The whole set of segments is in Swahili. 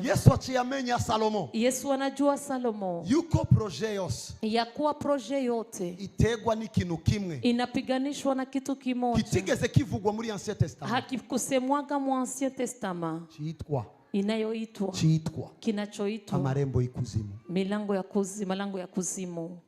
Yesu achiamenya Salomo. Yesu anajua Salomo yuko proje yose ya kuwa proje yote itegwa n'ikintu kimwe inapiganishwa na kitu kimoja kitigeze kivugwa muri Ancien Testament hakikusemwaga mu Ancien Testament kitwa inayoitwa kitwa kinachoitwa amarembo y'ikuzimu milango ya kuzimu malango ya kuzimu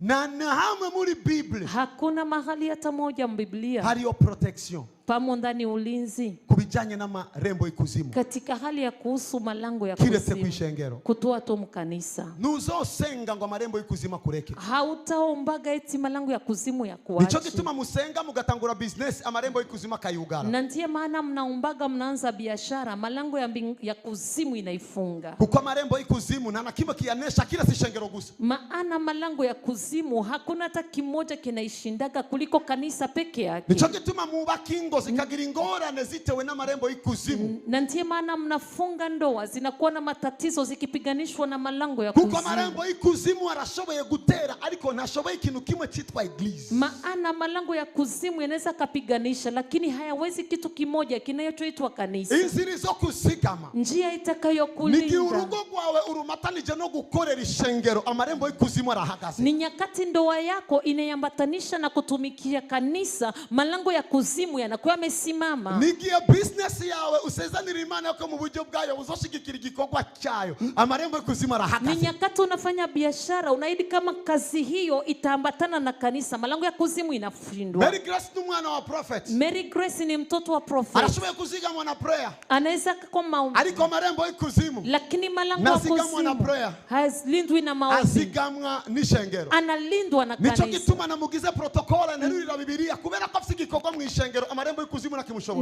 na na hamwe muri Biblia hakuna mahali hata moja mbiblia hariyo protection pamo ndani ulinzi kubijanye marembo ikuzimu katika hali ya kuhusu malango ya kiretse kwishengero kutoa to mukanisa ntuzosenga ngo amarembo y'ikuzimu akureke hautaombaga eti malango ya kuzimu ya kuache nico gituma musenga mugatangura business amarembo y'ikuzimu akayugara na ndiye maana mnaombaga mnaanza biashara malango ya, mbing, ya kuzimu inaifunga kuko marembo ikuzimu na kimwe kianesha kila shengero gusa maana malango ya kuzimu hakuna hata kimoja kinaishindaga kuliko kanisa peke yake nico gituma mubaki singles ikagira ingorane zitewe n'amarembo y'ikuzimu na ndiye maana mnafunga ndoa zinakuwa na matatizo zikipiganishwa na malango ya kuzimu kuko amarembo y'ikuzimu arashoboye gutera ariko ntashoboye ikintu kimwe cyitwa iglise maana malango ya kuzimu yanaweza akapiganisha lakini hayawezi kitu kimoja kinachoitwa kanisa inzira zo kuzigama njia itakayokulinda nigihe urugo rwawe urumatanije no gukorera ishengero amarembo y'ikuzimu arahagaze ni nyakati ndoa yako inayambatanisha na kutumikia kanisa malango ya kuzimu yana kuba amesimama. Nigiye business yawe usezanira Imana yako mu buryo bwayo uzoshigikira igikorwa cyayo. Amarembo kuzima arahagaze. Ni nyakati unafanya biashara unaidi kama kazi hiyo itaambatana na kanisa, malango ya kuzimu inafindwa. Mary Grace ni mwana wa prophet. Mary Grace ni mtoto wa prophet. Anashoboye kuziga mwana prayer. Anaweza Aliko marembo ya kuzimu. Lakini malango ya kuzimu. mwana prayer. Has Hazilindwi na maombi. Azigamwa n'ishengero. Analindwa na kanisa. Nicho kituma namugize protokole nterurira Biblia kubera ko afite igikorwa mu ishengero amarembo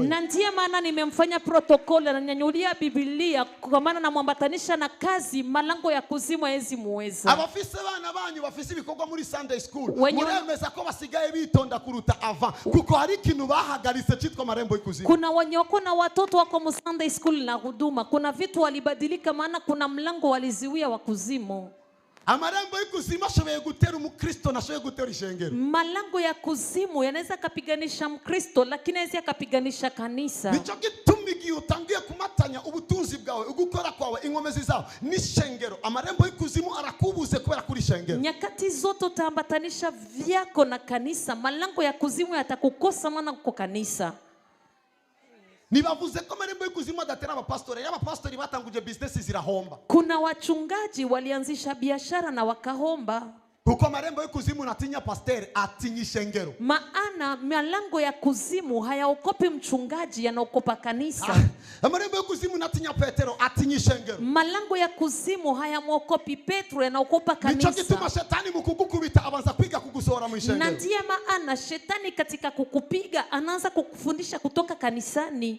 na ndiye maana nimemfanya protokoli, ananyanyulia Biblia kwa maana namwambatanisha na kazi, malango ya kuzimu haezi muweza. abafise bana banyu bafise ibikorwa muri Sunday school muremeza ko basigaye bitonda kuruta ava kuko hari kintu bahagaritse cyitwa marembo y'ikuzimu. Kuna wenye wako na watoto wako mu Sunday school na huduma, kuna vitu walibadilika, maana kuna mlango waliziwia wa kuzimu. Amarambo y'ikuzimu ashoboye gutera umukristo nashoboye gutera ishengero. Malango ya kuzimu yanaweza akapiganisha mkristo lakini hawezi akapiganisha kanisa. Nico gituma igihe utangiye kumatanya ubutunzi bwawe ugukora kwawe inkomezi zawe n'ishengero amarembo y'ikuzimu arakubuze kubera kuri shengero. Nyakati zote utaambatanisha vyako na kanisa, malango ya kuzimu yatakukosa mwana uko kanisa nibavuze ko marembo y'ikuzimu adatera abapastori y'abapastori batanguje bizinesi zirahomba kuna wachungaji walianzisha biashara na wakahomba kuko marembo y'ikuzimu natinya pasteri atinyishe ngero maana malango ya kuzimu hayaokopi mchungaji yanaokopa kanisa ah, marembo y'ikuzimu natinya petero atinyishe ngero malango ya kuzimu hayamwokopi petro yanaokopa kanisa nicho kituma shetani mukugukwa na ndiye maana shetani katika kukupiga anaanza kukufundisha kutoka kanisani.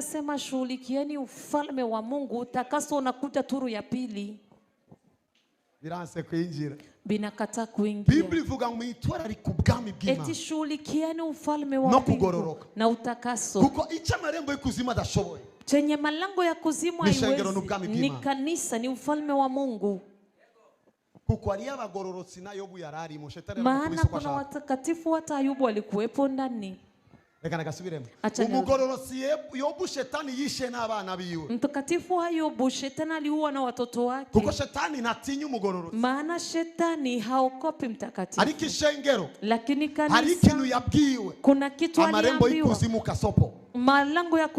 anasema shughulikieni ufalme wa Mungu, utakaso unakuta turu ya pili. Biranse kwinjira. Binakata kuingia. Biblia ivuga mwitwararike ubwami bw'Imana. Eti shughulikieni ufalme wa Mungu na utakaso. Kuko icyo amarembo y'ikuzimu adashoboye. Chenye malango ya kuzimu haiwezi. Ni kanisa, ni ufalme wa Mungu. Kuko ari na Yobu yararimo. Shetani maana kuna watakatifu hata Ayubu walikuwepo ndani reka nagasubiremo umugore yobu shetani yishe n'abana biwe mtakatifu wa yobu shetani aliua na watoto wake kuko shetani natinya maana shetani haokopi mtakatifu ariko ishengero lakini kanisa hari ikintu yabwiwe kuna kitu aliambiwa amarembo y'ikuzimu kasopo malango ya